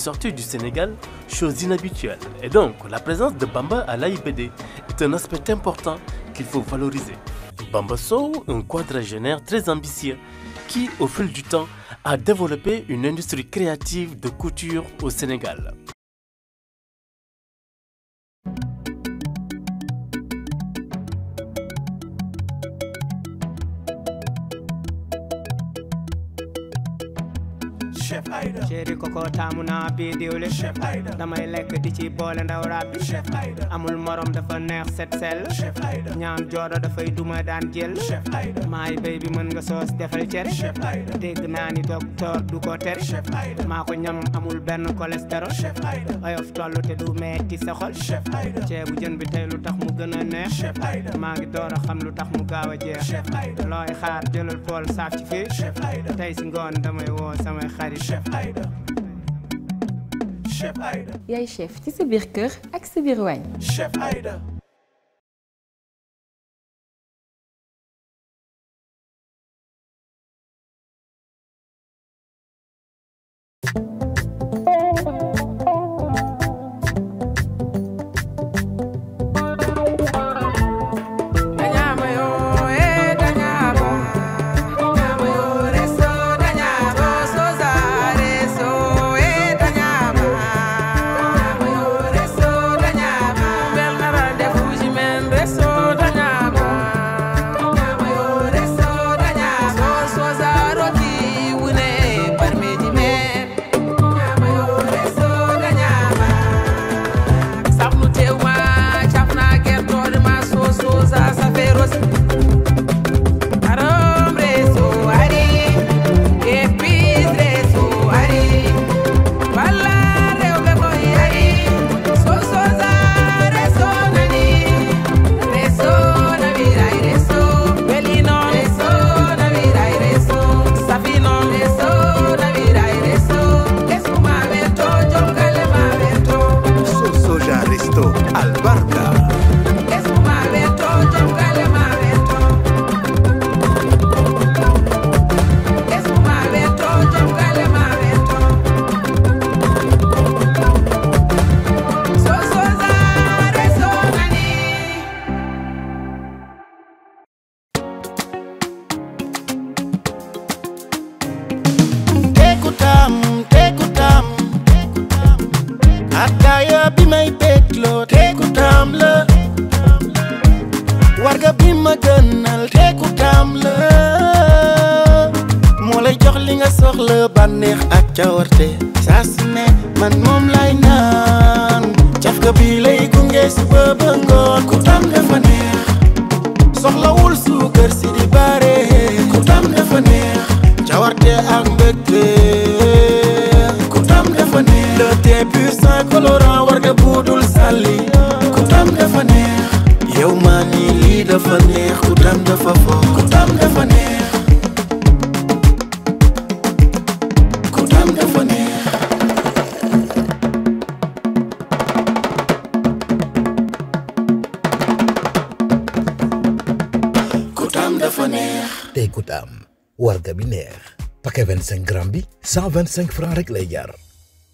sortie du Sénégal, chose inhabituelle. Et donc, la présence de Bamba à l'AIBD est un aspect important qu'il faut valoriser. Bamba Sow, un quadragénaire très ambitieux, qui, au fil du temps, a développé une industrie créative de couture au Sénégal. chef Aïda chéri koko taamu naa bii diwli chef Aïda damay lekk di ci boole ndaw rabbi chef hider amul morom dafa neex set sell chef hider ñaam joodo dafay duma daan jël chef hider maay bay bi mën nga soos defal cere chef hider dégg naa ni docteur du ko tere chef hider maa ko ñam amul benn cholestérol chef Aïda oyof tollu te du metti sa xol chef Aïda ceebu jën bi tey lu tax mu gën a neex chef Aïda maa ngi door a xam lu tax mu gaaw a jeex chef Aïda looy xaar jëlal pool saaf ci fii chef Aïda tey si ngoon damay woo samay xarit chef Aïda chef Aïda. yaay chef ci is biir kër ak sa biir chef Aïda. Thank you. dafa neex. tey ku taam warga bi neex. paquet 25 grammes bi 125 francs rek lay jaar.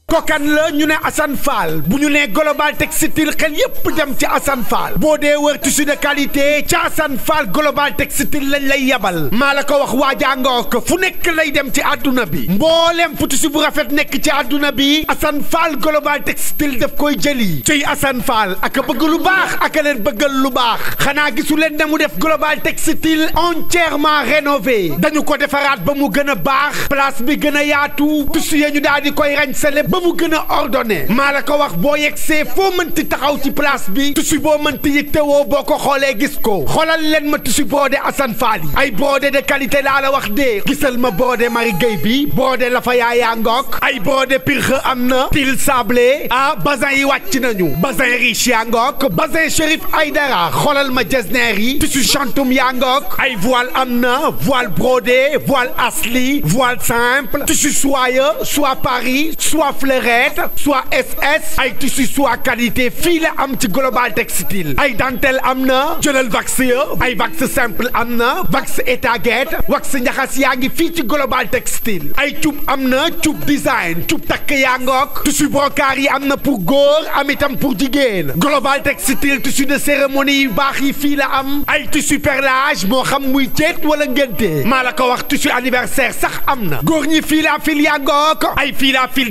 kokan la ñu ne Assane Fall bu ñu nee global textile xel yépp dem ci Assane Fall boo dee wër tissu de qualité ci Assane Fall global textile lañ lay yabal maa la ko wax waajaa ko fu nekk lay dem ci àdduna bi mboolem fu tissu bu rafet nekk ci àdduna bi Assane Fall global textile daf koy jëli ciy Assane Fall ak bëgg lu baax ak leen bëggal lu baax xanaa gisu ne mu def global textile entièrement rénové dañu ko defaraat ba mu gën a baax place bi gën a yaatu tissu ya ñu daal di koy rañ sa ba gëna ordonné maa la ko wax taxaw ci place bi tu boo mënti yittewoo boo boko xolé gis ko xolal leen ma su brodé Assane Fall ay brodé de qualité la la wax dee gisal ma brodé Marie Guèye bi brodé la fa yaayaa ngook ay brodé pirxe amna amna, til sablé ah bazin yi wàcc nañu bazin riche Chérif Aïdara ma jesner yi su chantum yaa Ai ay voile amna, voile brodé voile asli voile simple tu suis soye soit Paris soit soit SS tu tissu soit qualité fil en petit global textile ay dentelle Amna Journal Vaxio Vax ay vax simple Amna Vax wax Vax wax njaxas global textile ay tube Amna tube design tube takk Yangok Tu tissu brocari Amna pour gore amitam pour jigéen global textile tissu de cérémonie Barri file am ay tissu perlage mon xam muy ceet wala tissu anniversaire sax Amna Gourni file ñi la fil yaa fil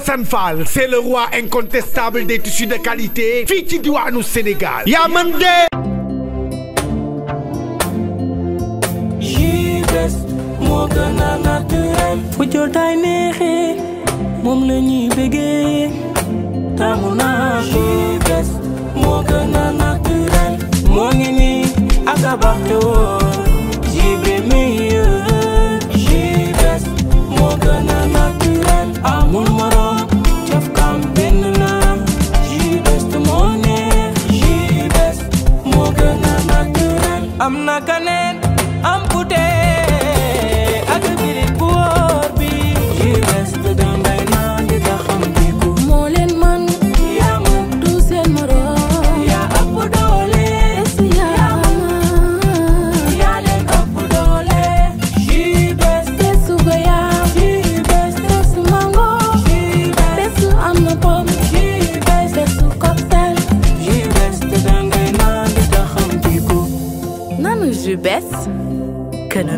C'est le roi incontestable des tissus de qualité. Fit du doigt Sénégal. Yamande. J'y vais. Moi que la naturelle. Put your time, mérite. Mon le nid bégué. Ta mon âme. J'y vais. Moi que la naturelle. Mon nini. Azabar. J'y vais. mon mara. I'm not gonna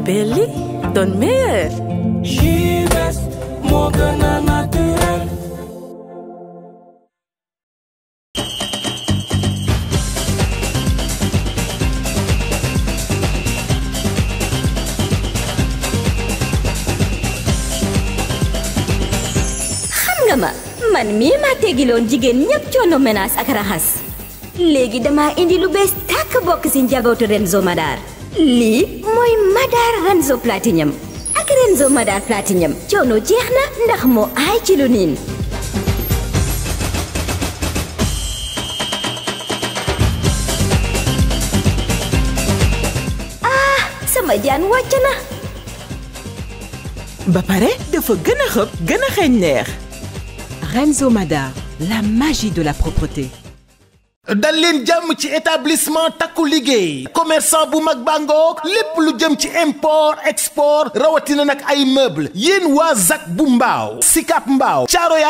Belly, don' meilleur. J'y reste, mon gana naturel. man mi ma tegiloon jigéen ñëpp coono menace ak raxas léegi dama indi lu bees tàkk bokk si njabootu ren zomadaar lii Madaar Ranzo Platinum ak Ranzo Madaar Platinum coono jeex na ndax moo aay ci lu niin ah sama jaan wàcc na ba pare dafa gën a xëpp gën a xeeñ neex Renzo Madar la magie de la propreté dañ leen jàmm ci établissement takku liggéey commerçant bu mag bàngoog lépp lu jëm ci import export rawatina nag ay meuble yéen waa zak bu mbaaw sikap mbaaw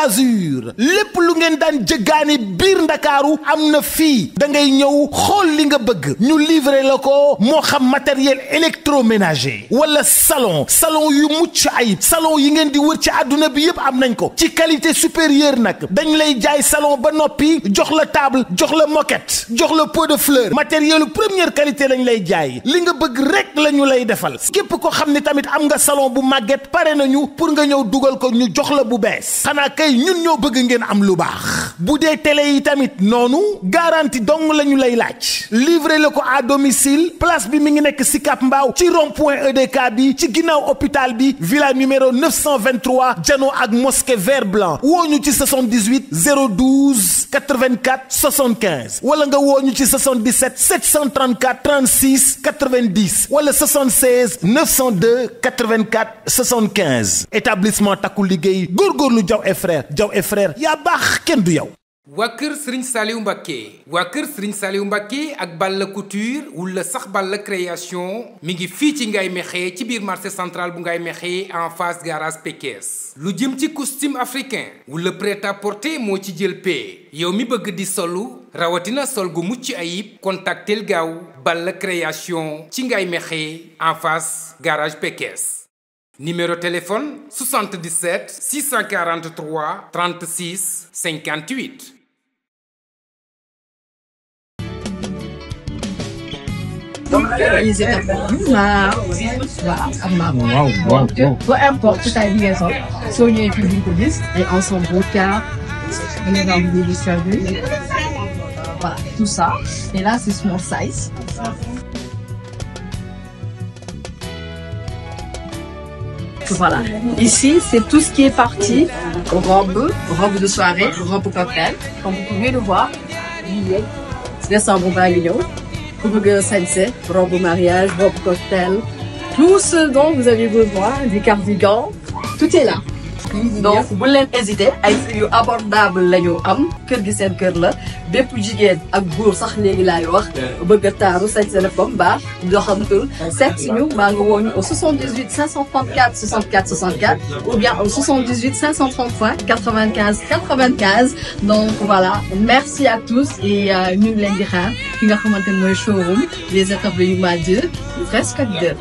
Azur lépp lu ngeen daan jëggaani biir ndakaaru am na fii da ngay ñëw xool li nga bëgg ñu livrer la ko xam matériel électroménager wala salon salon yu mucc salon yi ngeen di wër ci àdduna bi yépp am ko ci qualité supérieure nak dañ lay jaay salon ba noppi jox la table jox la la moquette jox le pot de fleur matériel première qualité lañ lay jaay li nga bëgg rek la lay defal képp ko xamni tamit am nga salon bu màgget pare nañu pour nga ñëw dugal ko ñu jox la bu bess. Xana kay ñun ñoo bëgg ngeen am lu baax bu dé télé yi tamit Nonu. garantie dong la lay laaj livré le ko à domicile place bi mi ngi nekk ci point EDK bi ci hôpital bi villa numéro 923 jano ak mosquée vert blanc Woñu ci 78 012 84 75 wala 77 734 36 90 wala 76 902 84 75 établissement Takuligei Liggéey góorgóorlu et frère jaw et frère Yabach waa Srin Serigne Saliou Mbacké Srin Salih Serigne Saliou ak Balla Couture ou sax Balla Création mi ngi fi ci central bu en face garage Pekes lu jëm costume africain le prêt-à-porter mo ci jël pé yow mi solu rawatina sol gu mucc ayib contactel gaaw Balla Création ci en face garage Pekes numéro téléphone 77 643 36 58 Euh, ils étaient ma Voilà, ak maam. waaw Donc, euh, peu importe tu as une raison. Sonia plus plus di ko et on s'en on est dans le milieu du service. voilà tout ça et là c'est small size. Voilà. Ici, c'est tout ce qui est parti. Robe, robe de soirée, robe cocktail. Comme vous pouvez le voir, billet. C'est un bon burger Sensei, robe mariage, robe cocktail, tout ce dont vous avez besoin, des cardigans, tout est là donc vous leen hésité ay être abordable la ñu am kër gi seen kër la bépp jigéen ak góor sax léegi laay wax bëgg a taaru sañ seen bopp baax doxantul seet si ñu au 78 534 64 64 ou bien au 78 535 95 95 donc voilà merci à tous et nous, euh, ngi dira. di xaar un nga showroom les étapes yu à deux, presque deux.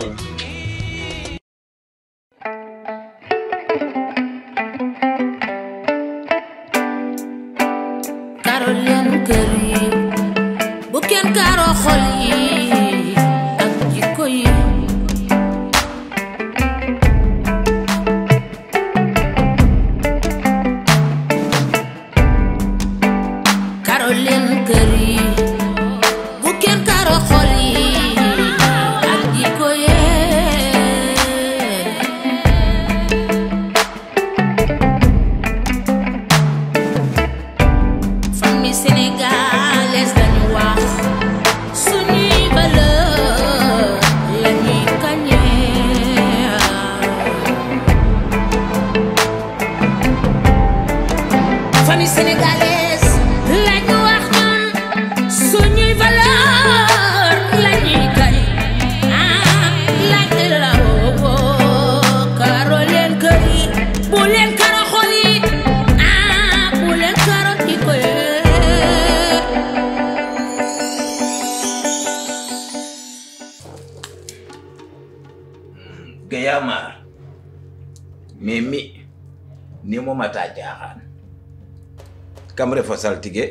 saltige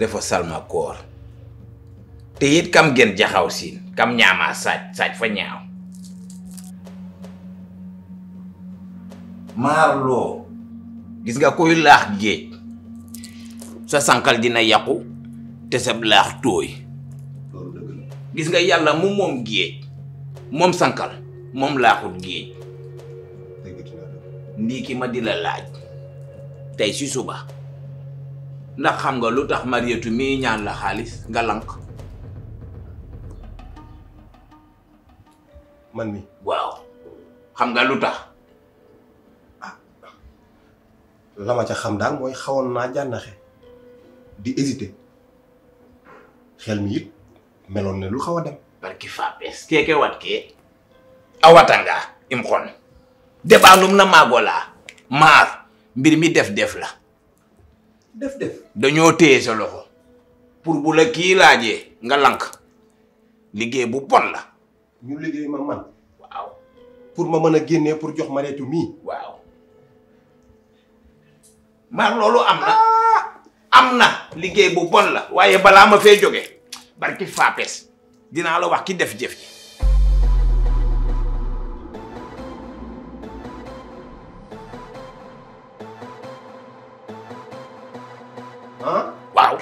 refo salma koor te it kam gen jaxaw siin kam ñaamaa saaj saaj fa ñaaw maarloo gis nga koy laax géej sa sankal dina yàqu te sab laax tooy gis nga yàlla mu moom géej moom sànqal moom laaxut géej ndii ma di laaj tey si suba ndax xam nga lu tax marietu mii ñaan la xaalis nga lank man mi waaw xam nga lu tax ah. ca xam daal mooy xawoon naa jànnaxe di hésité xel mi it meloon ne lu xaw a dem barki fapes keke wat ke awatanga im xon débat num na maago laa mbir mi def def la def dañoo téye sa loxo pour bu la kii laajee nga lank liggéey bu bon la. ñu liggéey ma man. waaw pour ma mën a génnee pour jox mareetu mii. waaw maar loolu am na. Ah! am na liggéey bu bon la. waaye balaa ma fee jóge barki faapes dinaa la wax ki def jëf ji gaaw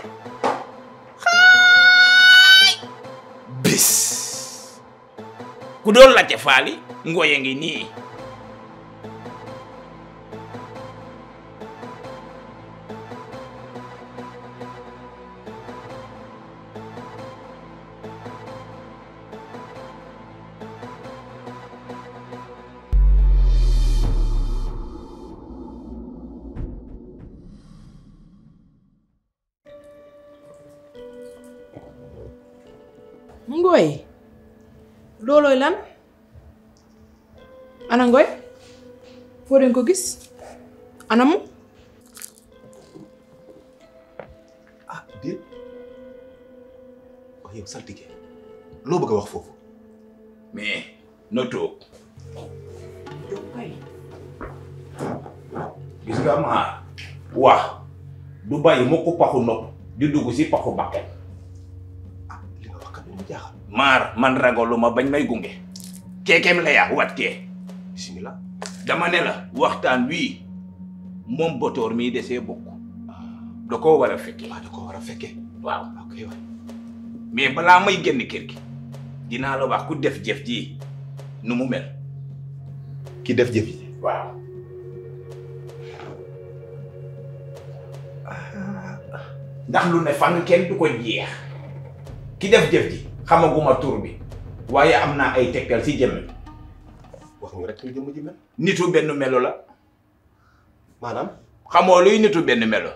xaay bis ku doon laajte faali ngooye ngi nii ngooy loolooy lan ana ngooy foo leen ko gis anam ah déet wax yow saltige loo bëgg a wax foofu mais noo toog gis nga ma du bàyyi mu ko paxu nopp di dugg si paxu bakket Mar man ma bañ may gunge keekeem la yaa wat ké bismillah dama né la waxtaan wii moom botoor mii desee bokk da koo Wow. a fekke ah, da koo war a waaw ok waay mais bala may génn kër gi dina la wax ku def jëf ji nu mu mel ki def jëf ji waaw ah. ndax lu ne fan kenn du ko jeex ki def jëf ji xamaguma tur bi waaye am naa ay tegtal si jëmm wax ñu rek ñu benn melo la maanaam xamoo luy nitu benn melo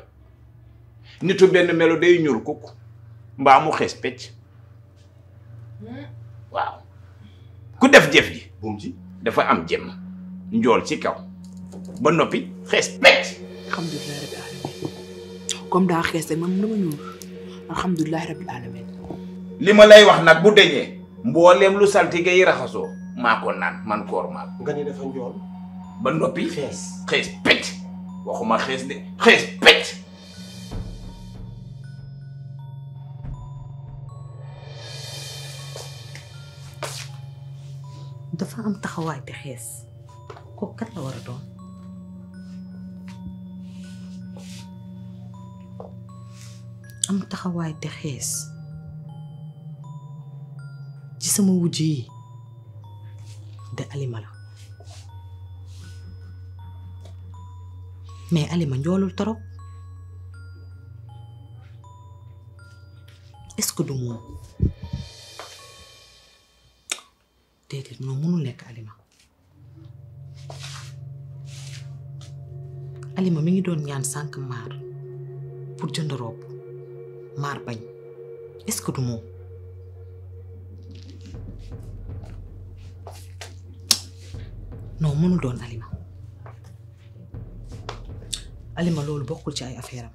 nitu benn melo day ñuul kukk mbaamu mu xees pecc waaw ku def jëf ji buum dafa am jëmm njool ci kaw ba noppi xes pecc alhamdulilahi rabbil comme daa xees man dama ñuul alhamdulilahi rabbil alamin lima lay wax nak bu deñe mbollem lu salti gay raxaso mako nan man koor ma gani ni dafa njool ba noppi xees xees pet waxuma xees de xees pecc dafa am taxaway te xees ko kat la wara do am taxaway te xees ci sama wujj yi de mais Alima njoolul torop est-ce que du moom déedéet noonu mënul nekk Alima Alima mi ngi doon ñaan sànq maar pour jënd robe maar bañ est-ce non mënul doon Alima Alima loolu bokkul ci ay affaire am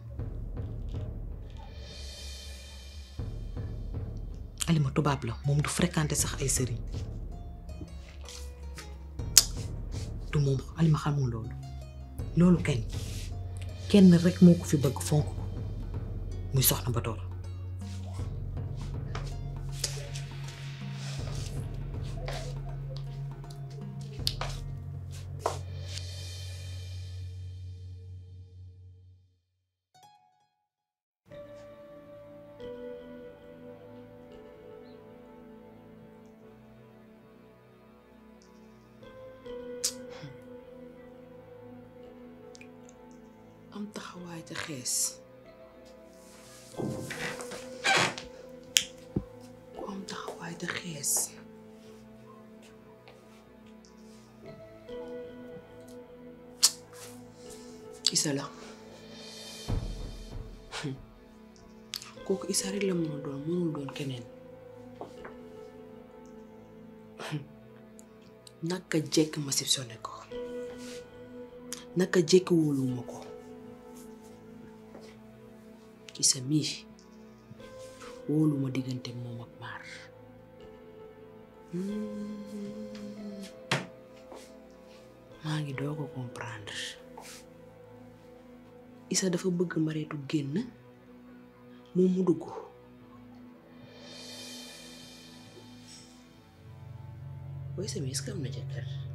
Alima tubaab la moom du fréquenter sax ay sëriñ du moom Alima xamul loolu loolu kenn kenn rek moo ko fi bëgg fonk ko muy soxna ba dool jekk ma soupçonné ko naka jekk wóoluwuma ko ci mii wóoluma diggante moom ak maar hmm. maa ngi doo ko comprendre Issa dafa bëgg Mareetu génn moom mu dugg way sa mii est am na jëkkër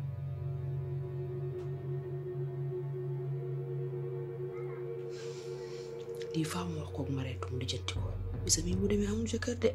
di famu mo ko mare tum da jetti ko bisa mi bu demee amu jëkkër de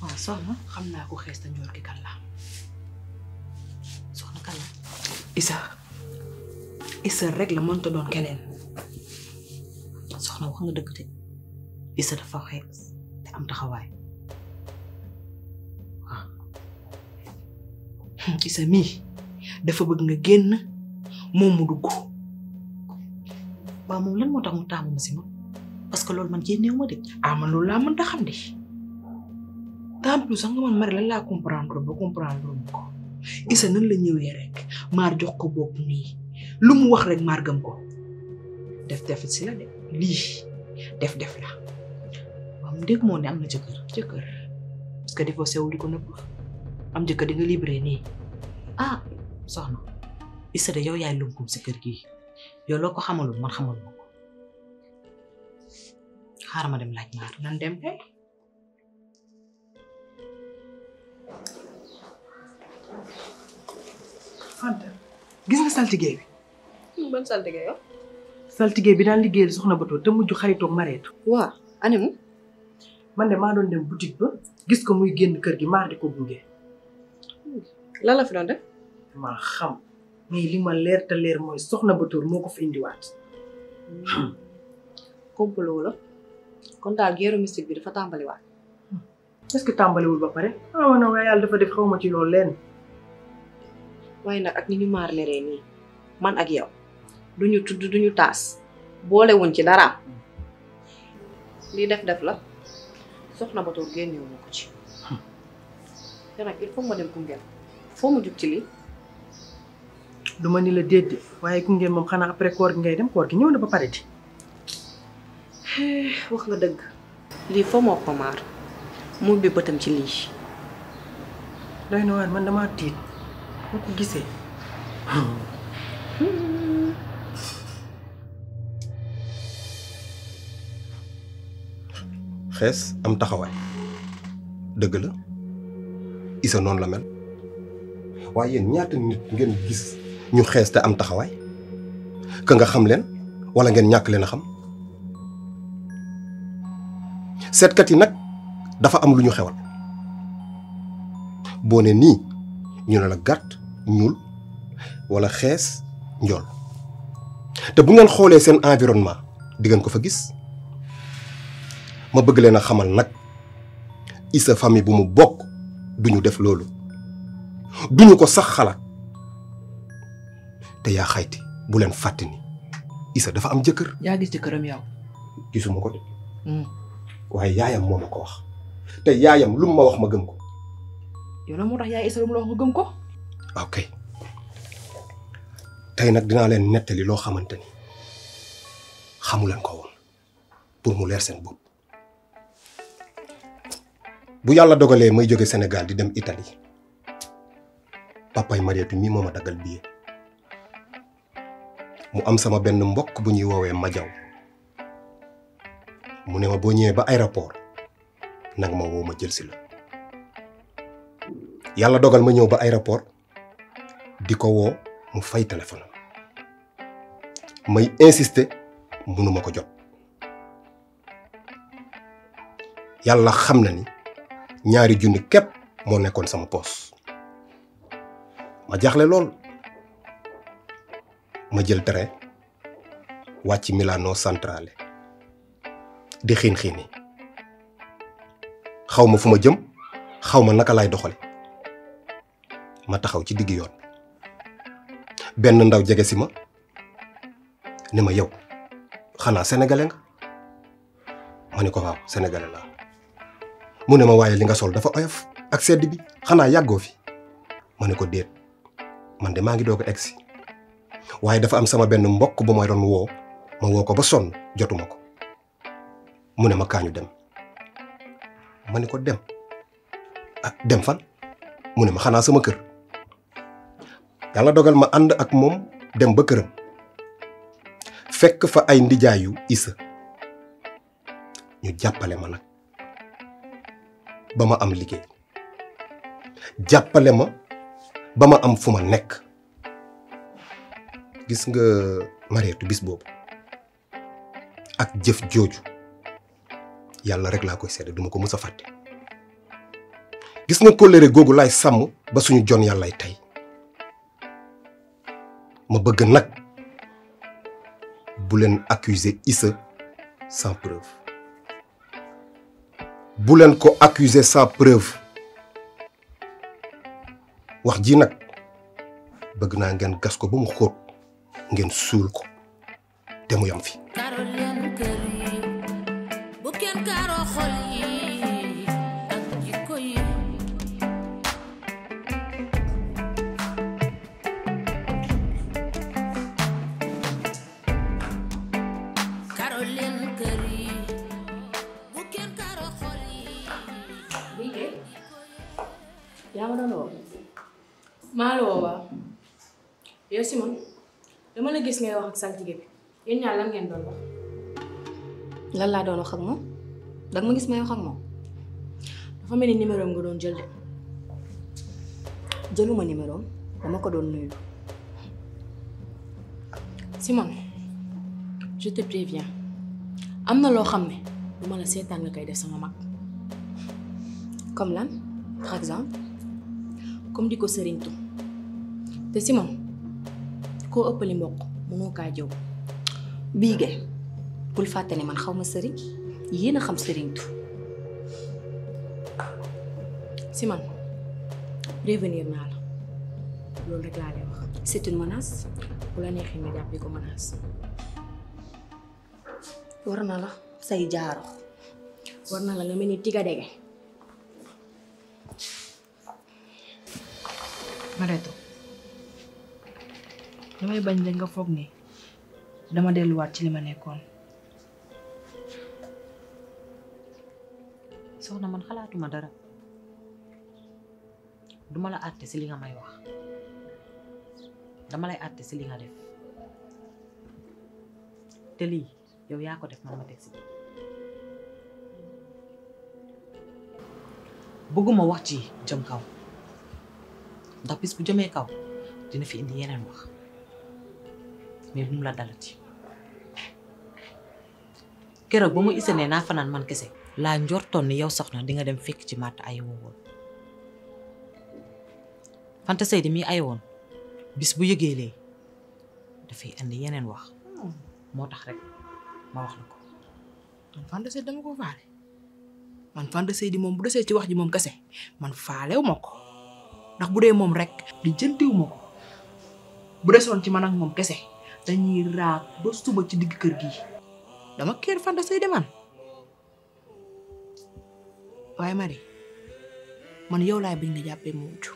waaw soxna xam naa ko xees ta njoor ki kan la isa isa rek la mënta doon keneen soxna wax nga dëgg de isa dafa xees te am taxawaay hmm, isa mii dafa bëgg nga génn moom mu dugg waaw moom lan moo tax mu taamu ma si ma parce que loolu man génneewu ma de ah man loolu laa mënta xam de tant plus sax nga man mari lan laa comprendre ba comprendre ko isa nan la ñëwé rek mar jox ko bopp ni lu mu wax rek mar gam ko def def ci la def li def def la am dégg mo ne am na jëkkër jëkkër parce que defo wu ko am di nga libre ni ah soxna isa de yow yaay lunkum ci kër gi yow loo ko xamalul man xamaluma ko xaaral ma dem laaj maar nan dem kay gis nga saltige bi. Hmm, ban saltige yow. saltige bi daan liggéeyal soxna Bato te mujj xaritoog mareetu. waaw ane de gis ko muy génn kër gi maar ko gunge. Hmm, fi doon def. maa xam mais li ma leer te leer mooy soxna Bato moo ko fi indiwaat. Hmm, complot la kon daal guerre mystique bi dafa tàmbaliwaat. est-ce tàmbaliwul ba pare. ah man waaye yàlla dafa def xaw ma ci loolu lenn. waaye nag ak ni ñu maarleree nii man ak yow ñu tudd duñu taas boole boolewuñ ci dara lii def def la soxna Batoor génnewu ma ko ci te nag il faut ma dem Koungheul foo ci lii du ma ni la déedéet waaye Koungheul moom xanaa après koor gi ngay dem koor gi ñëw na ba pare di eh, wax nga dëgg lii foo moo ko maar bi bëtam ci lii doy na waar man damaa tiit boo ko gisee. xees am taxawaay dëgg la Issa noon la mel waaye yéen ñaata nit ngeen gis ñu xees te am taxawaay ka nga xam leen walla ngeen ñàkk leen a xam seetkat yi nag dafa am lu ñu xewal boo ne nii ñu ne la gàtt ñul wala xees ñol te bu ngeen xolé sen environnement di ngeen ko fa gis ma bëgg leena xamal nak isa fami bu mu bok duñu def lolu duñu ko sax xala te ya xayti bu len fatini isa dafa am jëkër Ya gis jëkkëram yaw gisuma ko de hmm. waaye yaayam momako wax te yaayam lu mu ma wax ma gëm ko yow la mo tax yaay isa lu mu wax ma gëm ko ok tay nak dina len netali lo xamanteni xamante ni ko won pour mu leer sen bop bu yalla dogale may joge senegal di dem italy papay Maria mii moo ma daggal mu am sama benn mbokk bu ñuy wowe madjaw mu ne ma bo ñewé ba aéroport nak ma woo ma jël ci la yalla dogal ma ñew ba aéroport di ko woo mu fay téléphone may insisté mënuma ko jot yàlla xam na ni ñaari junni képp moo nekkoon sama poos ma jaaxle lool ma jël train wàcc Milano Centrale di xiin xiini xaw ma fu ma jëm xaw ma naka laay doxale ma taxaw ci digg yoon benn ndaw jege si ma ne ma yow xanaa senegale nga ma ne ko waaw sénégalais laa mu ne ma waaye li nga sol dafa oyof ak sedd bi xanaa yàggoo fi ma ne ko déet man de maa ngi doog a si waaye dafa am sama benn mbokk bu ma doon woo ma woo ko ba sonn jotuma ko mu ne ma kaañu dem ma ne ko dem ah, dem fan mu ne ma xanaa sama kër. yàlla dogal ma ànd ak moom dem ba këram fekk fa ay ndijaayu Issa ñu jàppale ma nag ba ma am liggéey jàppale ma ba ma am fu ma nekk gis nga Mariétu bis boobu ak jëf jooju yàlla rek laa koy sedde duma ko mës a fàtte gis nga kóllëre googu laay sàmm ba suñu jon yàllay tey ma bëgg nag bu leen accuser sans preuve bu leen ko accuser sans preuve wax ji nag bëgg naa ngeen ko mu yaa maa la woo waaw yow Simon dama la gis ngay wax ak saltige bi yéen ñaar dulu ngeen doon wax. lan laa doon wax ak moom danga ma gis may wax ak moom dafa mel ni numéro nga doon Simon je te préviens am na loo xam ne du ma la seetaan nga def sama mak, comme lan par exemple. comme di ko sëriñtu te Simon koo ëppali mbokk mënoo kaa jëw bii ge bul fàtte man xaw ma sëriñ yéen a xam sëriñtu Simon prévenir naa la loolu rek laa lay wax c'est bu la neexee nga jàppee ko menace war na la say jaaro war na la nga mel ni tigadege Mareto damay bañ la nga foog ni dama delluwaat ci li ma nekkoon soxna man xalaatuma dara duma la àtte si li nga may dama lay àtte si li def te lii yow yaa ko def man ma teg si bëgguma wax ci jëm kaw ndax bis bu jëmee kaw dina fi indi yeneen wax mais bu la dalati keroog ba mu ise ne naa fanaan man kese laa njortoon ni yow soxna di nga dem fekk ci màtt ay woon Fanta Seydi mi ay woon bis bu yëgee lee dafay indi yeneen wax moo tax rek ma wax la ko man Fanta Seydi dama ko faale man Fanta Seydi moom bu desee ci wax ji moom kese man faalew ma ko ndax bu dee moom rek di jëntiw ma ko bu desoon ci man ak moom kese dañuy ba suba ci digg kër gi dama kër fanta say demaan waaye Marie man yow laay biñ ne jàppee mu wujj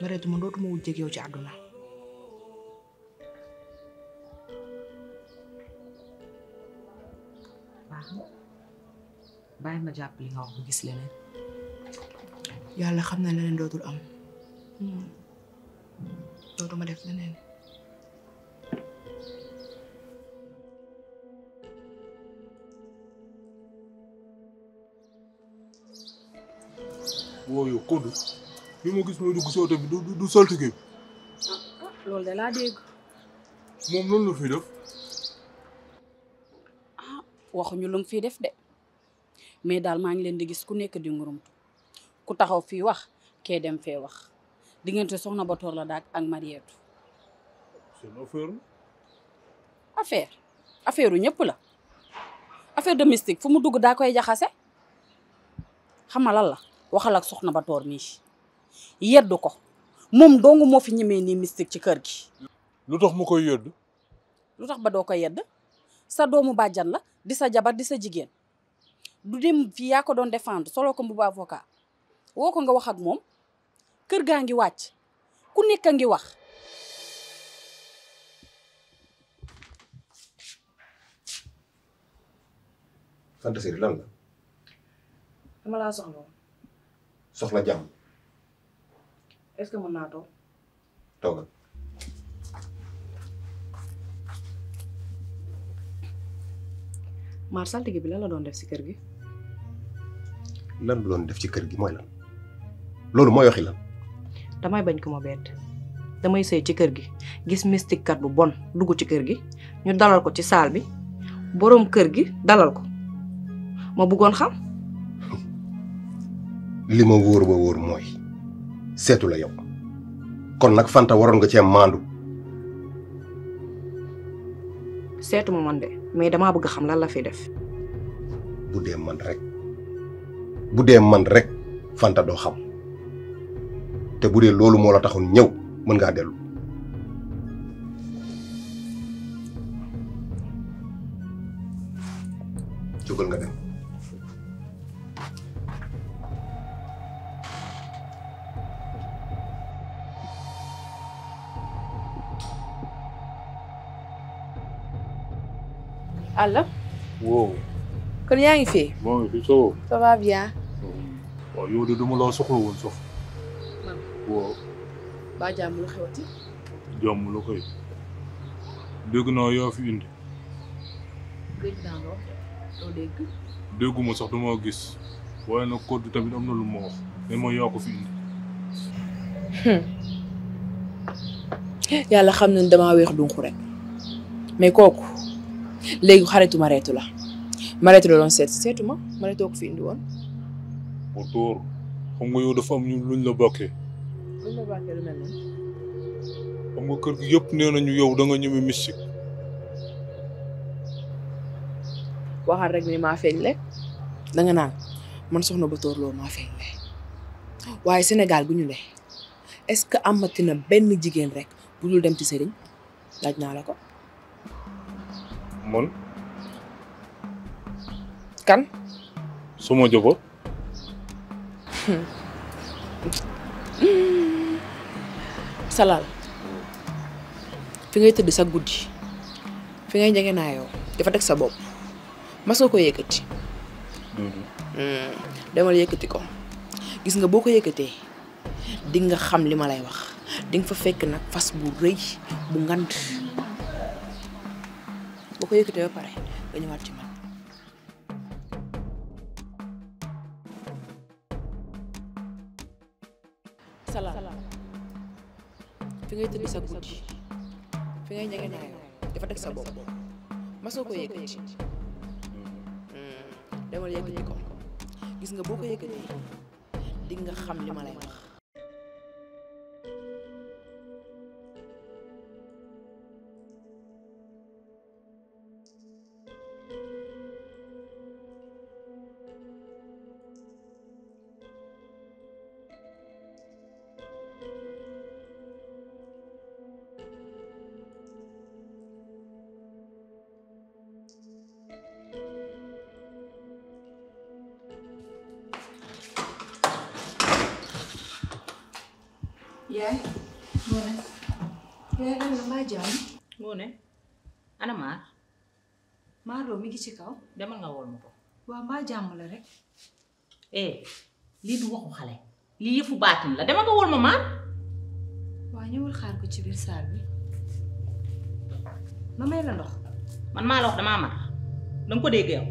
bareetu man dootuma wujjeeg yow ci àdduna baax na bàyyi ma jàpp li nga wax bu gis leneen yàlla xam na leneen dootul am dootuma def leneen. woo yow Codou bi ma gis muy dugg si bi du du saltige bi. Ah, loolu de laa dégg. moom loolu la fi def. ah waxuñu lu mu def de mais daal maa ngi leen di gis ku nekk di ngurumtu ku taxaw fii wax kee dem fee wax diggante soxna Batoor la dak ak Mariétu. c'est affaire. affaire affaire affaireu ñepp la affaire domestique fu mu dugg da koy jaxassé xama lan la waxal ak soxna Batoor ni yeddu ko mom dong mo fi ñëmé ni mystique ci kër gi. lu mu koy yedd. lu ba do koy yedd sa doomu la di sa jabar di sa jigen du dem fii ya ko don défendre solo ko mbuba avocat woko nga wax ak mom keur gaangi wacc ku nekk nga wax Fanta Seri lan la dama la soxlo soxla jam est-ce que mon naa toga marsal maar bi lan la doon def ci keur gi lan bu doon def ci keur gi moy lan loolu mooy waxi la damay bañ ko ma bett damay sëy ci kër gi gis mystique kat bu bon dugg ci kër gi ñu dalal ko ci saal bi boroom kër gi dalal ko ma bëggoon xam li ma wóor ba wóor mooy seetu la yow kon nag Fanta waroon nga cee maandu seetu ma man de mais damaa bëgg xam lan la fi def bu dee man rek bu dee man rek Fanta doo xam te bu lolu mo la taxone ñew mën nga dellu jogal nga dem Alla wow kon yaangi fi mo ngi fi so ça va bien Oh, yo de du ma laa soxla woon soxla waaw. baa jàmm lu xewati. jomm lu koy. dégg naa yoo fi indi. dégguma sax du ma gis waaye na code tamit am na lu ma wax mais mooy ko fi indi. Hmm. yàlla xam na dama weex dunku rek mais kooku léegi xaritu mareetu la mareetu la doon seet seetu ma mareetoo ko fi indi woon. mu xam nga yow dafa am ñu la bokkee. buñ xam nga kër gi yëpp nee nañu yow da nga ñëme mystique waxal rek ni maa feeñ le da nga naan man soxna ba tóorloo maa feeñ le waaye Sénégal bu ñu le est ce que amati na benn jigéen rek bu dul dem ci sëriñ laaj naa la ko man kan suma jobo sa lal fi ngay tëdd sa guddi fi ngay njëge naa dafa teg sa bopp mas nga ko yëkkati. Mm-hmm. demal yëkkati ko gis nga boo ko yëkkatee di nga xam li ma lay wax dinga fa fekk nag fas bu rëy bu ngant boo ko yëkkatee ba pare nga fi ngay tëdd sa guddi fi ngay ñege naayoo dafa teg sa bopp masoo ko yëkkati mm-hmm. demal yëkkati ko gis nga boo ko yëkkati di nga xam li ma lay wax eh lii du waxu xale lii yëfu baatin la dama nga wol ma maan. waaw ñëwul xaar ko ci biir saal bi ma may la ndox. man maa la wax damaa mar danga ko dégg yow.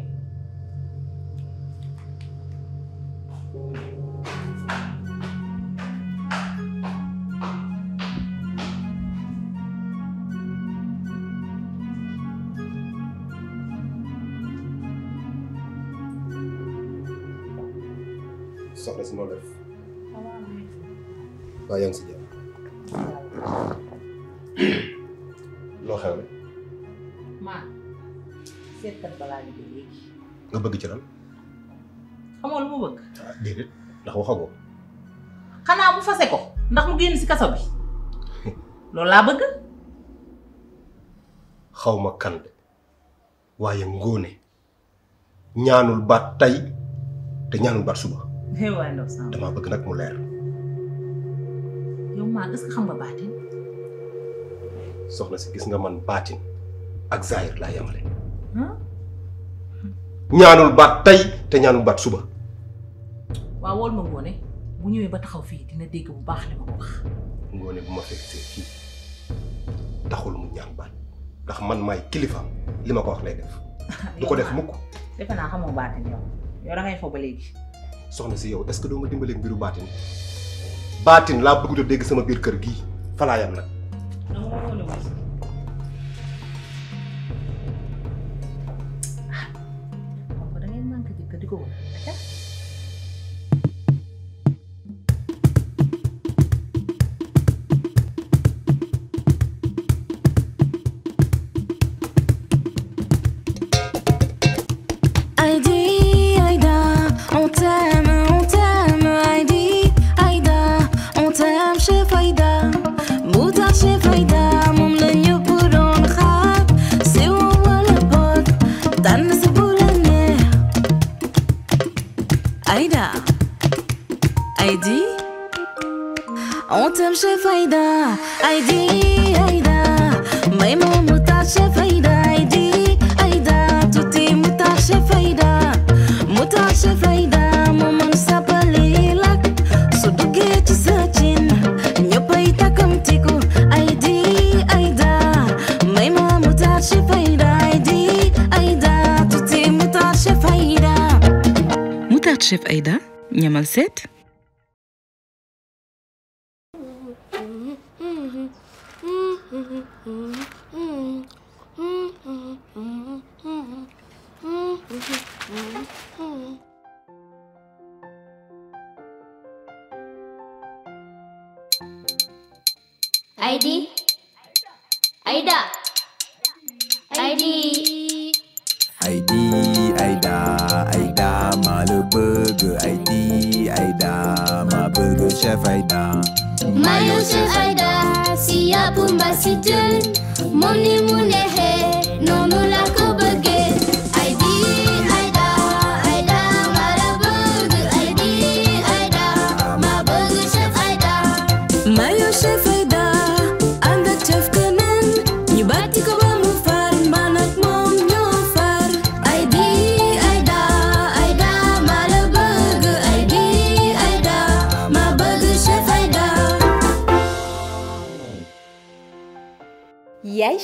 nga bëgg ci lan. xamoo lu mu bëgg. Ah, déedéet ndax waxagoo. xanaa bu fase ko ndax mu génn si kaso bi loolu laa bëgg. xaw ma kan de waaye ngóone ñaanul baat tey te ñaanul baat suba. Eh damaa bëgg nag mu leer. yow maa est xam nga baatin. soxna si gis nga man baatin ak zaahir laa yemale. ñaanul baat tey te ñaanul baat suba. waaw wool ma ngoone bu ñëwee ba taxaw fii dina dégg bu baax li ma ko wax. ngoone bu ma fekk see kii taxul mu ñaan baat ndax man may kilifaam li ma ko wax lay def. du ko def mukk. defe naa xamoo baatin yow yow da ngay fo ba léegi. soxna si yow est-ce que doo ma dimbaleeg mbiru baatin baatin laa bëggut dégg sama biir kër gii fa nag.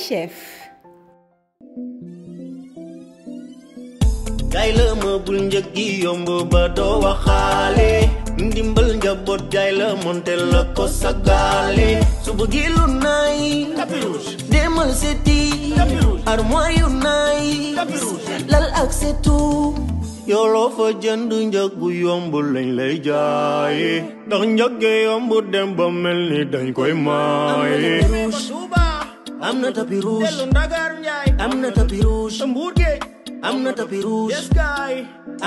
chef jaay la bul njëg gi yomb ba do waxale ndimbal njabot jaay montel la ko sagale su bu gilu nay capirouge demal seti capirouge ar armoire yu nay capirouge lal ak setu yo lo fa jënd njëg bu yomb lañ lay jaay ndax njëg gi yomb dem ba melni dañ koy capirouge am na tapis rouge am na tapis rouge Mbuur géej am na tapis rouge yes gaay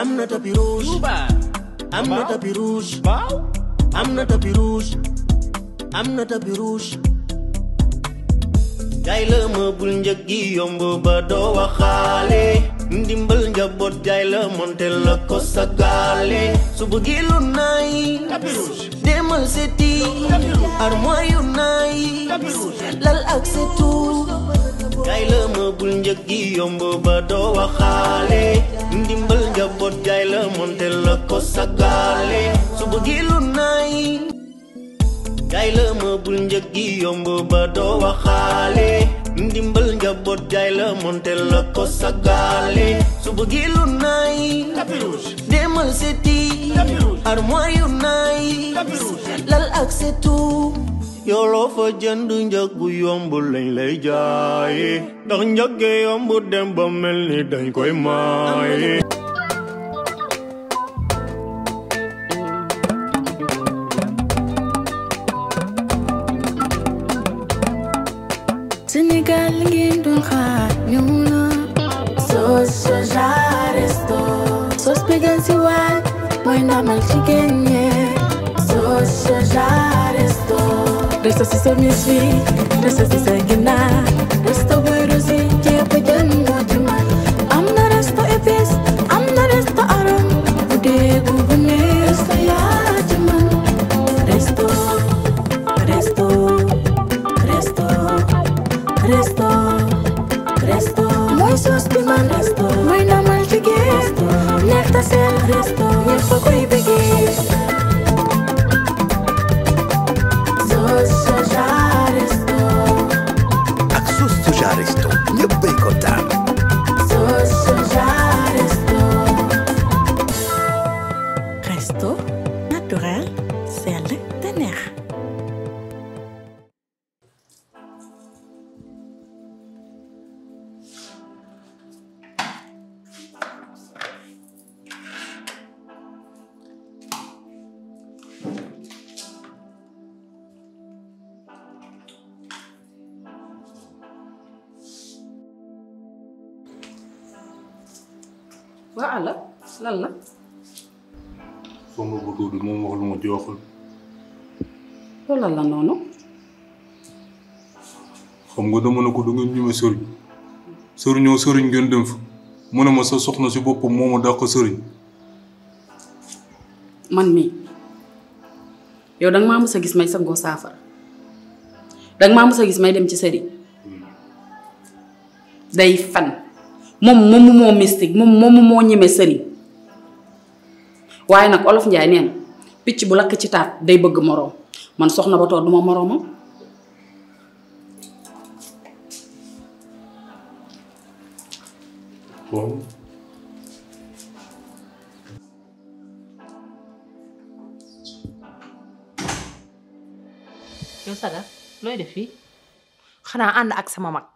am na tapis rouge am na tapis rouge jaay la ma bul njëg gi yomb ba doo ndimbal njabot jay la montel la ko sa gaale su bëggee nay demal seti armoire yu lal ak setu jay la meuble njëg gi yombo ba do waxale ndimbal njabot jay la montel la ko sa gaale su bëggee nay jay la meuble njëg gi yombo ba do waxale ndimbal njaboot jaay la montel la ko sagale su bëggee demal seeti armoire yu naay lal ak seetu yooloo fa jënd njëg bu yomb lañ lay jaaye ndax njëg yomb mel ni dañ koy maaye nama chikenye Sosho jaresto Resta si so misfi Resta si so gina waral la noonu. xam nga dama ne ko du ngeen ñëwee sëriñ sëriñoo sëriñ ngeen dem fa mu ne ma sa soxna si boppam moo ma dàq sëriñ. man mii yow danga maa mës a gis may sag sangoo saafara danga maa mës a gis may dem ci sëriñ day fan moom moomu moo mystique moom moomu moo ñeme sëriñ waaye nag olof njaay nee picc bu lakk ci taat day bëgg moroom man soxna ba to duma moromam yo saga loy def fi xana and ak sama mak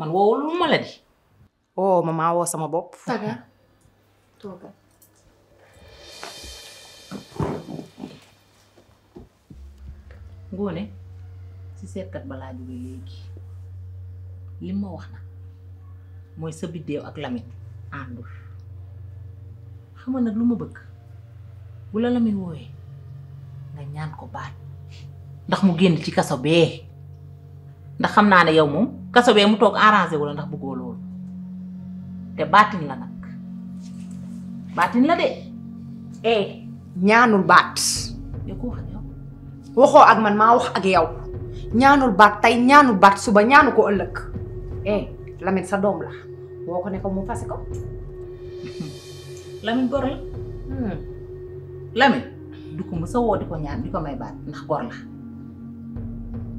man woowul ma la di oh mama wo sama bop saga toga ngóone ci seetkat balaa jóge léegi li ma wax na mooy sa biddéew ak Lamine àndul xam nga nag lu ma bëgg bu la Lamine wooyee nga ñaan ko baat ndax mu génn ci kaso bee ndax xam naa ne yow moom kaso bee mu toog arrangé wala ndax bëggoo loolu te baatin la nag baatin la de eh ñaanul baat waxoo ak man maa wax ak yow ñaanul baat tey ñaanu baat suba ñaanu ko ëllëg eh sa doom la boo ko ne ko mu fase ko Lamine gor la hmm. Lamine du ko mës ko may baat ndax gor la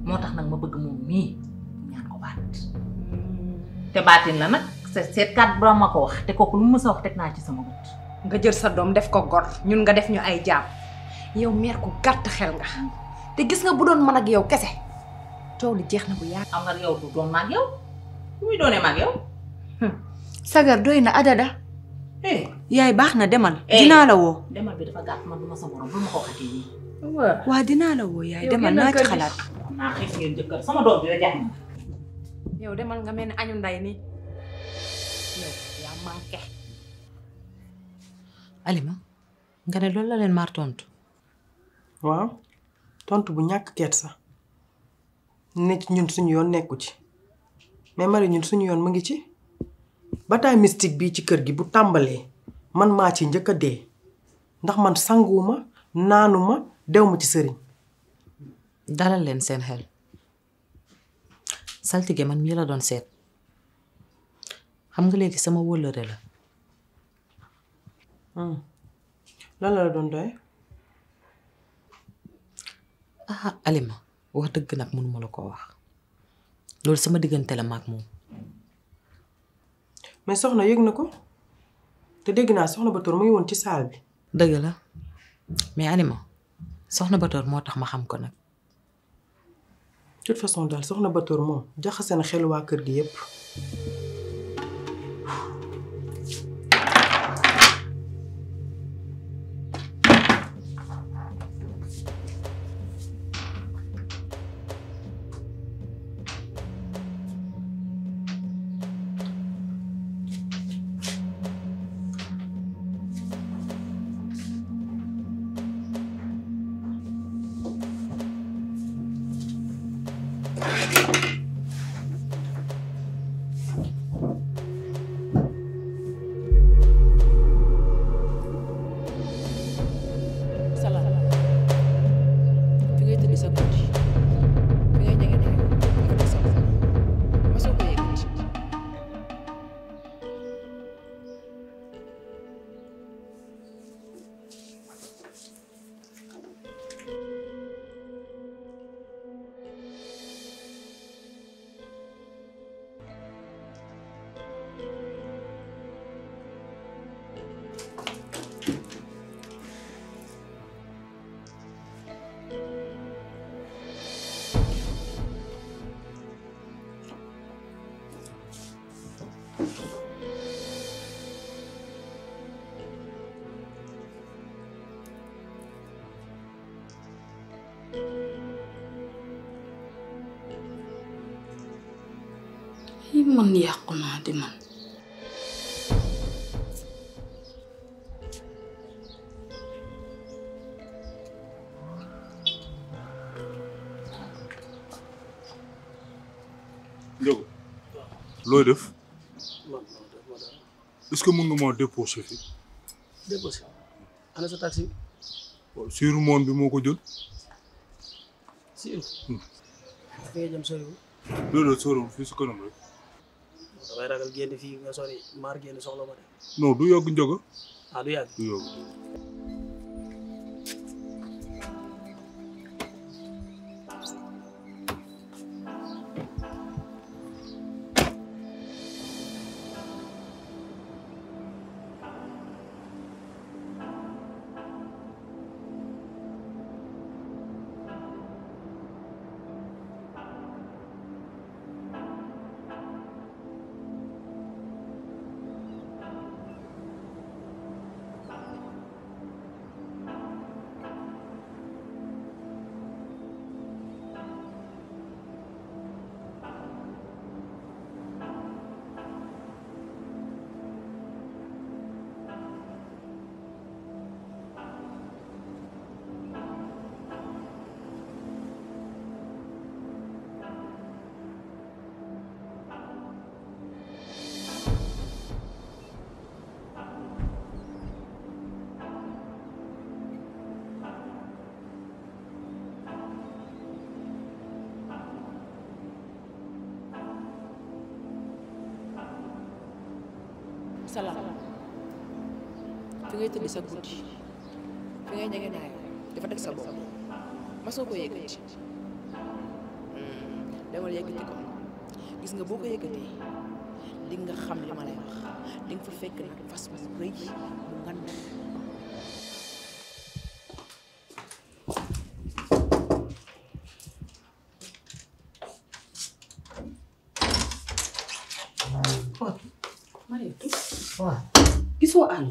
moo tax nag ma bëgg moom mii ñaan ko baat te baatin la nag seetkat borom ma ko wax te kooku lu mu mës wax teg naa ci sama bët nga jël sa doom def ko gor ñun nga def ñu ay jaam yow meer ku gàtt xel nga te gis nga bu doon man ak yow kese coow li jeex na bu yàgg. Hmm. sagar doy na adada. Eh. yaay baax na demal. Eh. dinaa la woo. demal bi dafa gàtt ma naa ci ngeen jëkkër sama doom bi la ma. yow demal nga mel ni añu nday nii. yow Alima nga ne loolu la leen maar waaw. tontu bu ñàkk kersa ne ci ñun suñu yoon nekku ci mais Marie ñun suñu yoon mu ngi ci bataille mystique bii ci kër gi bu tàmbalee man maa ci njëkk a dee ndax man sanguwuma naanuma dew ma ci sëriñ dalal leen seen xel saltige man mii la doon seet xam nga léegi sama wóllëre la hmm. la la doon doye ah Alima wax dëgg nag mënuma la koo wax loolu sama diggante la maag moom. mais soxna yëg na ko te dégg naa soxna Batoor mu ngi woon ci saal bi. dëgg la mais Alima soxna Batoor moo tax ma xam ko nag. de toute façon daal soxna Batoor moom jaxase na xel waa kër gi yépp. man yàqu di man Ndiogou def est que mën nga moo déposé fi déposé sa taxi sur moom bi moo ko jël sur fee jëm soriwul loolu soriwul fii si kanam rek damay ragal génn fii nga sori maar génn soxla ma de. du yokk njóg. ah du du yokk. yëkkati nga boo ko yëkkatee xam li di nga fa fekk gisoo àll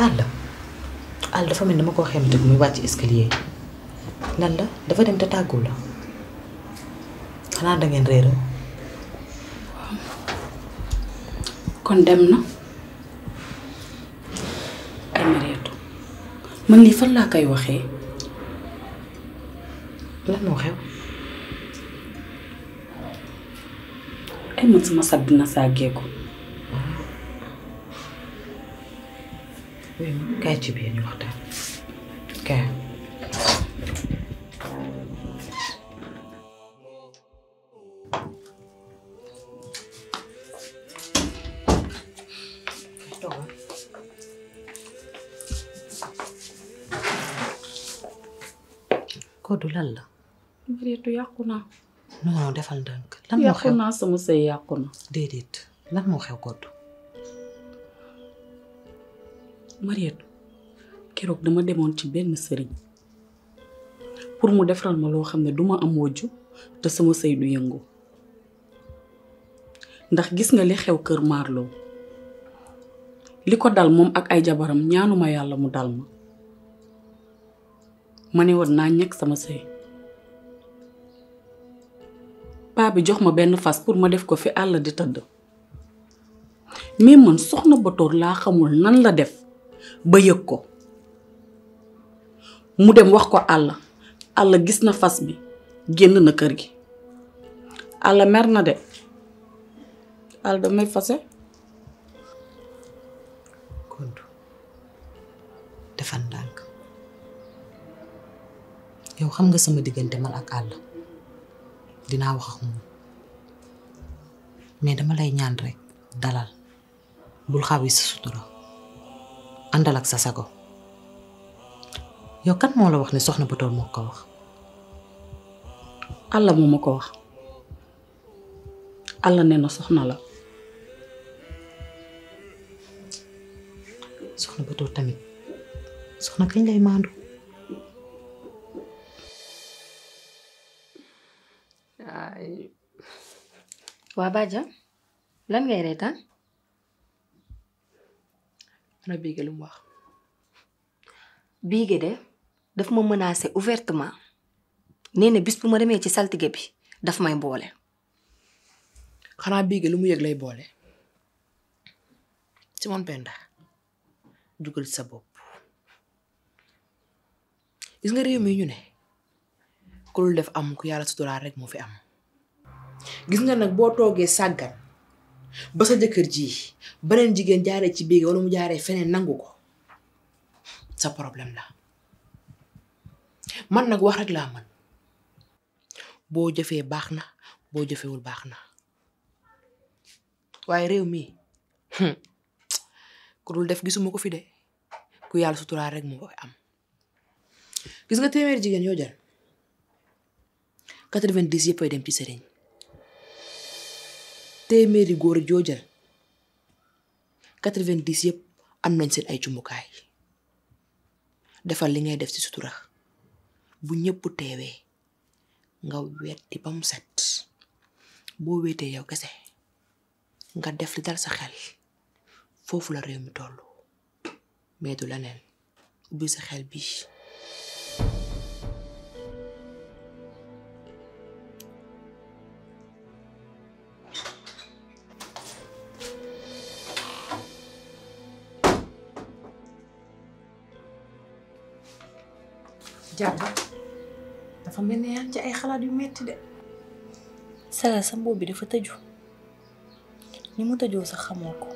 àll dafa mel ni ma ko xemte muy wàcc escalier lan la dafa dem te tàggoo la xanaa de ngeen réeroo. kon dem na ma mareetu man lii fan laa koy waxee. lan moo xew. ay man sama sab dina sàggeeku. oui kay ci biir ñu waxtaan. Ya lan ya ya tu déedéet du yàqu naa. non non defal ndànk. lan moo xew yàqu naa sama sëy yàqu na. déedéet lan moo xew Kodou. Mariette keroog dama demoon ci benn sëriñ pour mu defaral ma loo ndax gis nga li xew Marlo liko dal ak ay jabaram ñaanuma yàlla mu dal ma ma ne woon naa ñekk sama sëy paa bi jox ma benn fas pour ma def ko fi àll di tëdd mais man soxna Batoor laa xamul nan la def ba yëg ko mu dem wax ko àll àll gis na fas bi génn na kër gi àll mer na de àll damay fase yow xam nga sama digënté man ak Allah dina wax ak mom mais dama lay ñaan rek dalal bul xawi sa sutura andal ak sa sago yow kan mo la wax ni soxna bu tol moko wax Allah mo mako wax Allah neena soxna la soxna bu tol tamit soxna kañ lay mandu waa Badja lan ngay reetaan ana Biige lu mu wax Biige de daf ma menacé ouvertement nee na bis bu ma demee ci saltige bi daf may boole xanaa Biige lu mu yëg lay boole Simon Penda dugal sa bopp gis nga réew mi ñu ne ku def am ku yàlla suturaal rek moo fi am gis nga nag boo toogee sàggan ba sa jëkkër ji bareen jigéen jaaree ci biir wala mu jaaree feneen nangu ko sa problème la man nag wax rek laa mën boo jëfee baax na boo jëfewul baax na waaye réew mi hmm, ku dul def gisuma ko fi de ku yàlla suturaal rek moo koy am gis nga téeméeri jigéen yoo jël quatre-vingt-dix yëpp ay dem ci sëriñ téeméeri góor joojal jël quatre-vingt-dix yëpp am nañ seen ay jumukaay defal li ngay def ci sutura bu ñëpp teewee nga wetti ba mu set boo weetee yow kese nga def li dal sa xel foofu la réew mi toll mais du leneen ubbi sa xel bii dafa ni yaa ngi ci ay xalaat yu metti de. Sala sa bi dafa tëju ni mu tëjoo sax xamoo ko.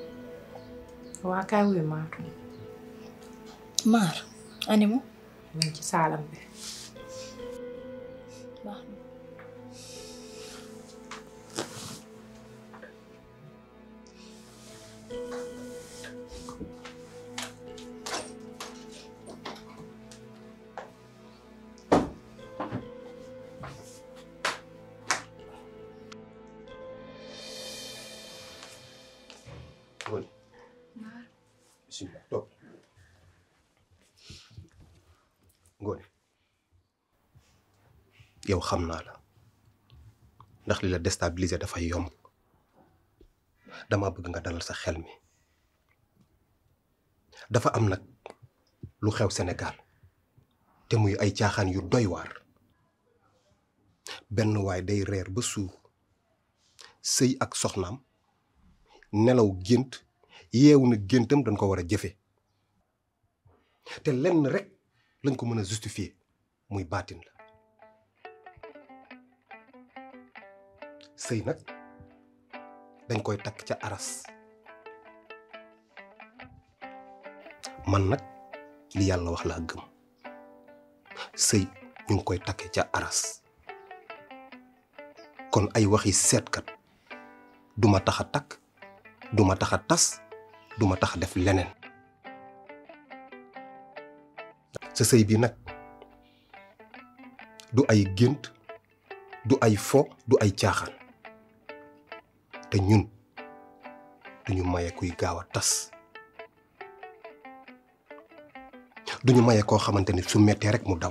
waa kaay wuy maar. maar animu. mu ci saalam bi. xam naa la ndax li la destabilisé dafay yomb dama bëgg nga dalal sa xel mi dafa am nag lu xew Sénégal te muy ay caaxaan yu doy waar benn waay day reer ba suur sëy ak soxnaam nelaw gént yeewu na géntam dañ ko war a jëfe te lenn rek lañ ko mën a justifier muy baatin la sëy nag dañ koy takk ca aras man nag li yàlla wax laa gëm sëy ñu ngi koy takk ca aras kon ay waxi seetkat du ma tax a takk du ma tax a tas duma tax def leneen sa sëy bi nag du ay gént du ay fo du ay caaxaan te ñun duñu maye kuy gaaw a tas duñu maye koo xamante ni su mettee rek mu daw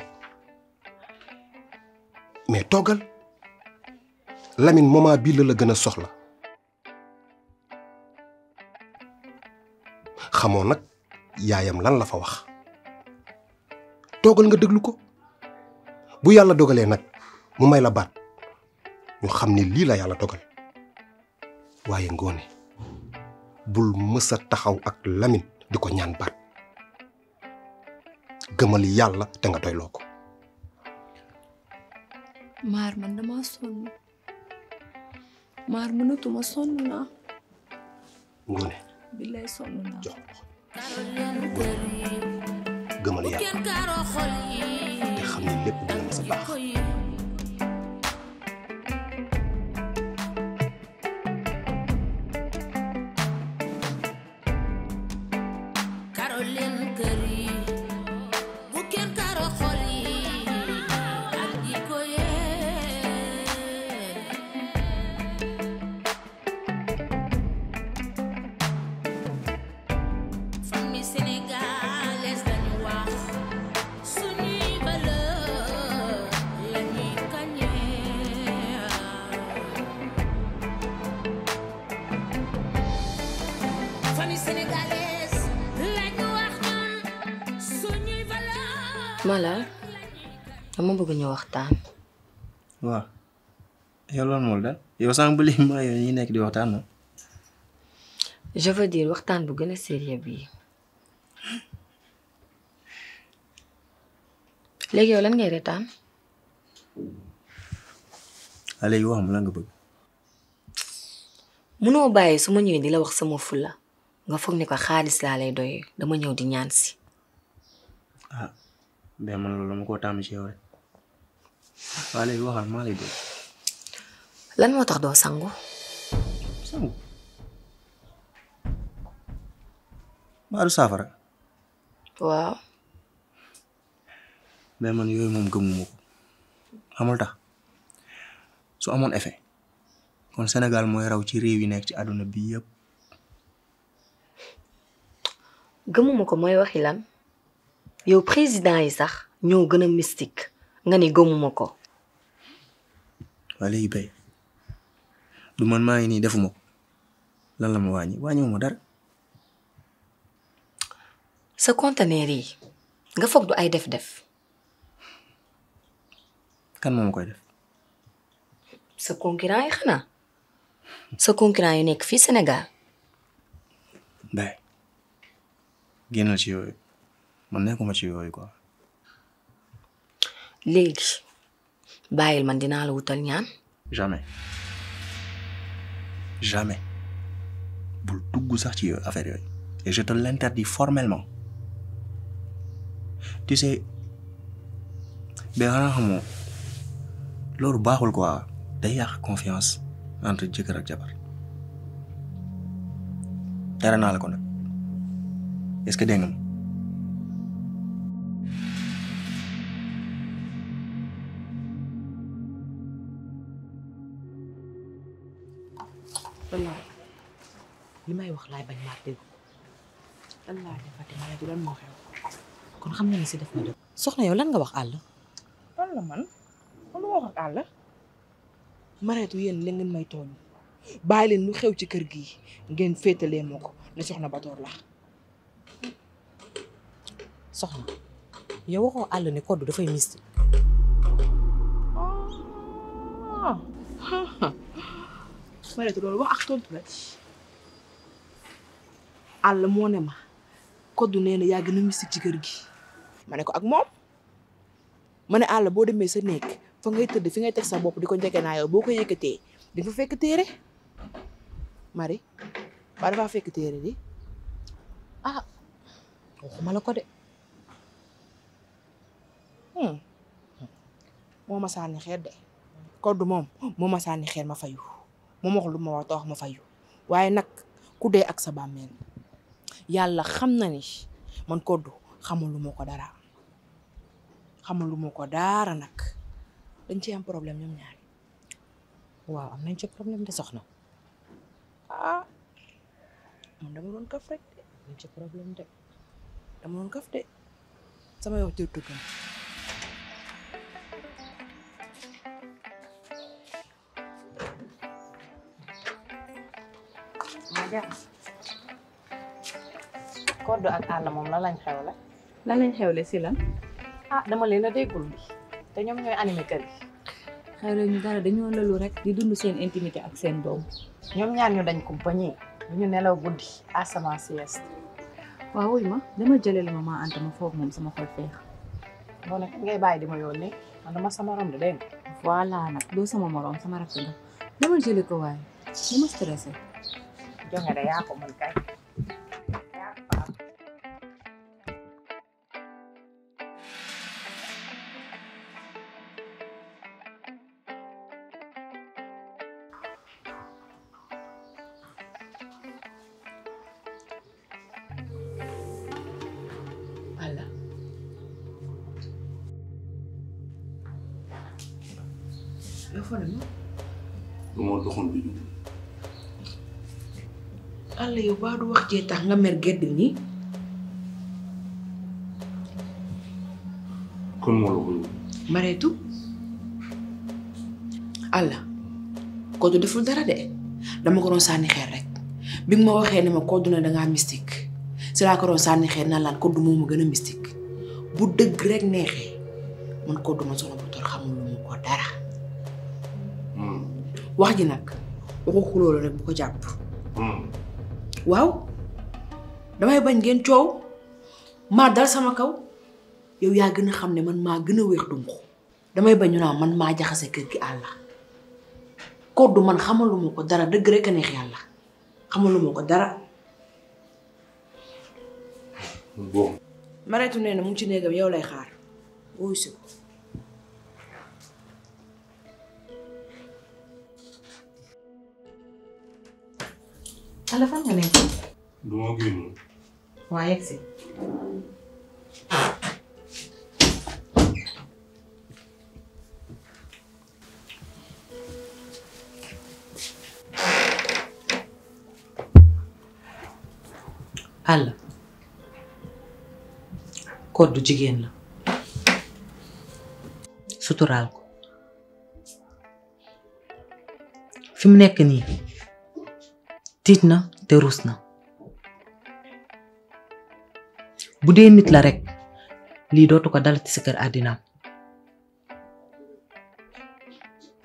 mais toogal Lamine moment bii la la gën a soxla xamoo nag yaayam lan la fa wax toogal nga déglu ko bu yàlla dogalee nag mu may la baat ñu xam ni lii la yàlla dogal waye ngone bul mës taxaw ak lamin diko ñaan baat gëmal yalla te nga doy loko mar man dama sonn maar mënatuma son na ngone billaay sonn naa jox gëmal yàlla te xamni lepp dina mës bax waxtaan. waaw yow loolu moom daal yow sànq di waxtaan waxtaan bu gën a sérieux bii léegi yow lan ngay retaan. Ah, wax ma lan nga bëgg. munoo bàyyi su ma ñëwee di la wax sama fula nga foog ne ko xaalis laa lay doyee dama ñëw di ñaan si. ah mais man loolu ma koo tàmm ci yow waa léegi waxal maa lay dégg. lan moo tax doo sangu. sangu. maa du saafara. waaw. mais man yooyu moom gëmuma ko xamul tax su amoon effet kon Sénégal mooy raw ci réew yi nekk ci àdduna bi yëpp. gëmuma ko mooy waxi lan yow président yi sax ñoo gën a mystique. nga ne gëmuma ko. waa léegi bay du man maa ngi nii defuma ko lan la ma wàññi wàññiwuma dara. yi nga foog du ay def-def. kan moom koy def. sa concurrent yi xanaa sa concurrent nekk fii senegal bay génnal ci yooyu man nekkuma ci yooyu quoi. léegi bail man dina la wutal ñaan. jamais jamais bul dugg sax ci affaire yooyu. et je te l'interdis formellement tu sais mais xanaa xamoo loolu baaxul quoi day yàq confiance entre jëkkër ak jabar dara na la ko nag est-ce que dégg wallaahi li may wax laay bañ maa dégg kon xam na ni si def ma def soxna yow lan nga wax àll man man lu ma wax ak la ngeen may tooñ bàyyi leen lu xew ci kër gi ngeen féetalee moo ko soxna Batoor la soxna yow waxoo àll ne code dafay mystique ah. bareetu loolu wax ak tontu la ci àll moo ne ma koddu nee na yàgg na musique ci kër gi ma ne ko ak moom ma ne àll boo demee sa néeg fa ngay tëdd fi ngay teg sa bopp di ko njëkkee naa yow boo ko yëkkatee di nga fa fekk téere Marie waa téere di ah waxuma la de hmm. moo ma sànni xeer de koddu moom moo ma sànni xeer ma fayu moom wax lu ma fayu waye nak ku dee ak sa bàmmeel yalla xamna ni man Codou xamalu ma ko dara xamalu ma ko dara nak dañ ci am problème ñom ñaar waaw am nañ ci problème de soxna ah man dama won kaf rek de am ci problème de dama ka kaf de sama yow jërëjëf. jeex Koddo ak Anna moom lan lañ la la lañ xewle si lan. ah dama leen a déggul bi te ñoom ñooy animé kër gi. xewle ñu dara dañoo lalu rek di dund seen intimité ak seen doom. ñoom ñaar ñu dañ compagnie ñu nelaw guddi asama sieste. waaw wuy ma dama jëlee la maman Anta ma foog moom sama xol feex. moo ne ngay bàyyi di ma yónnee man dama sama morom de dégg voilà nag doo sama morom sama rakk nga dama jëlee ko waaye dama stressé. cho ngày đại a của mình cái ba du wax ci tax nga mer gedd ni kon moo mare tu mareetu ko do deful dara de dama ko doon sànni xer rek bi ma waxe ne ma duna da nga mystique cela ko doon sànni xer na lan ko du moma gëna mystique bu deug rek man ko duma solo bu tor xamul ko dara hmm. wax ji nak waxu rek bu ko japp waaw damay bañ ngeen coow maa dal sama kaw yow yaa gën a xam ne man maa gën a weex dunq damay bañ naa man maa jaxase kër gi àlla koddu man xamaluma ko dara dëgg rek a neex yàlla xamaluma ko dara. bon. Marietou nee na mu ci néegam yow lay xaar wuyu si ala fan nga nekk. du ma génn. waa si. àll koddu jigéen la suturaal ko fi mu nekk nii tiit na te ruus na bu dee nit la rek lii dootu ko dalati si kër àddinaam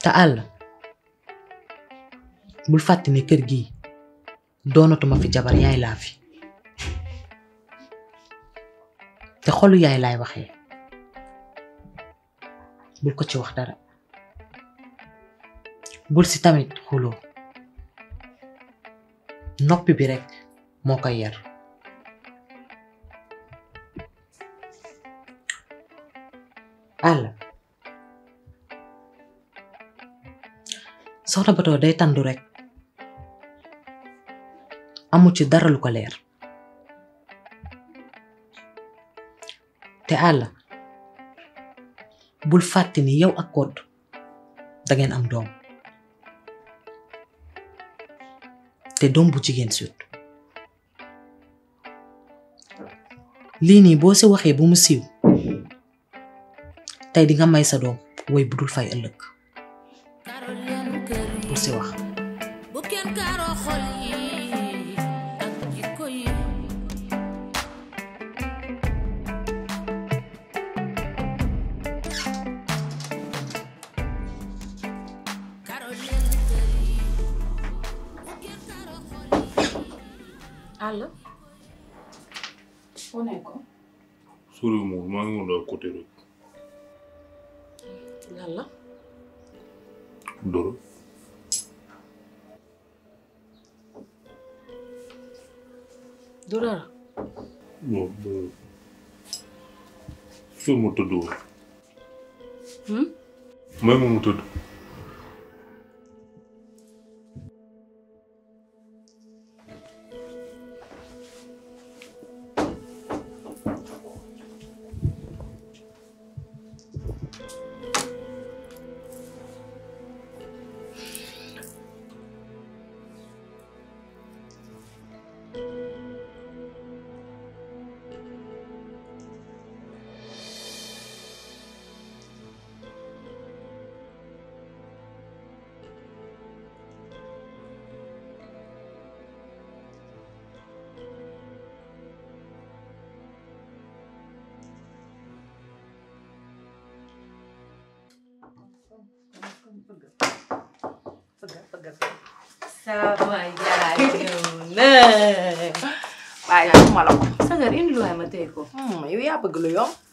te àll bul fàtte ne kër gii doonatuma fi jabar yaay laa fi te xolu yaay laay waxee bul ko ci wax dara bul noppi bi rek moo koy yar àll soxna Bato day tàndu rek amu ci dara lu ko leer te àll bul fàtte ni yow ak Codé da ngeen am doom te doom bu jigéen surtout lii nii boo si waxee bu mu siiw tey di nga may sa doom woy bu dul fay ëllëg lan la. foo nekkoon. soriwul moom maa ngi woon daal côté rek. lan la. Doro. Doro mu tëdd woon. Hmm?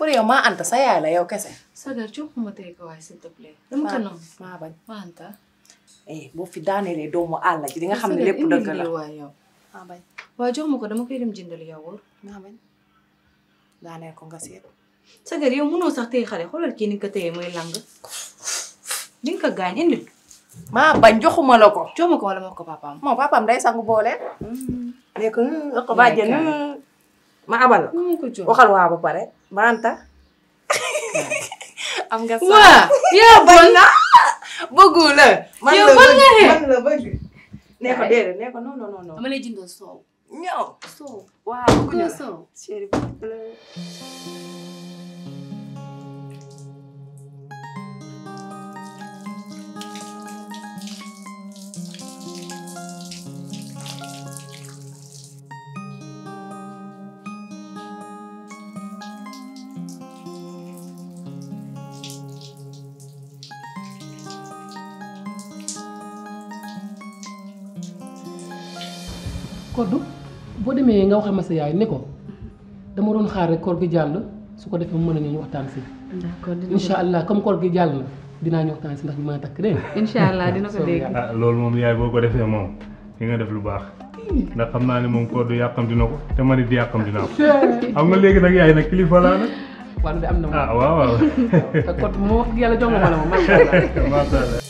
pour yow maa anta sa yaay la yow kese. Sagar jox ma tey ko waaye s'il te plaît. dama ko noonu maa bañ maa anta. eh boo fi daanelee doomu àll ji di nga xam ne lépp dëgg la waay yow. maa bañ waaw jox ma ko dama koy dem jëndali yow wóor. maa bañ daaneel ko nga seet. Sagar yow mënoo sax tey xale xoolal kii ni nga ko téye mooy lang. di nga ko gaañ indil. maa bañ joxuma la ko. jox ma ko wala ma ko papaam. moom papaam day sangu boole. léegi nga ko bàjjee na ma abal la. waxal waa ba pare. ba Anta. am nga sax waaw yow bon na bëggu la. man e la bëgg man e. la bëgg. nee ko déedéet nee ko non non non. dama lay jëndal soow. ñëw soow waaw. soow chérie demee nga waxee ma sa yaay ne ko dama doon xaar rek koor gi jàll su ko defee mu mën a ñu waxtaan si. d'accord incha allah comme koor gi jàll na dinaa ñu waxtaan si ndax ñu mën a takk dégg nga. incha allah dina ko dégg. ah loolu moom yaay boo ko defee moom di nga def lu baax. ndax xam naa ne moom koor du yàqam dina ko te man it yàqam dina ko. xam nga léegi nag yaay nag kilifa na moom ah waaw waaw. te kon moo wax yàlla jox ma la moom macha allah. allah.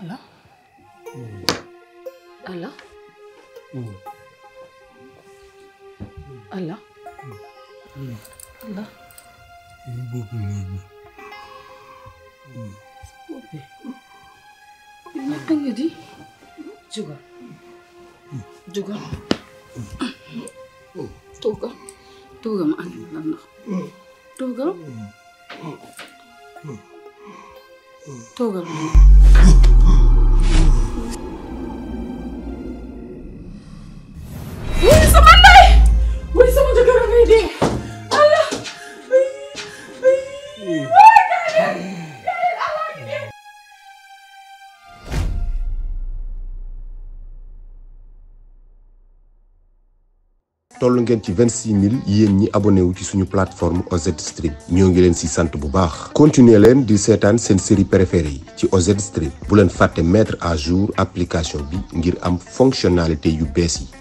allah Allah. Allah. Allah. Tu Doğru. toll ngeen ci vingt six yéen ñi abonné wu ci suñu plateforme OZ Stream ñoo ngi leen si sant bu baax continuer leen di seetaan seen série préférée yi ci OZ Stream bu leen fàtte mettre à jour application bi ngir am fonctionnalité yu bees yi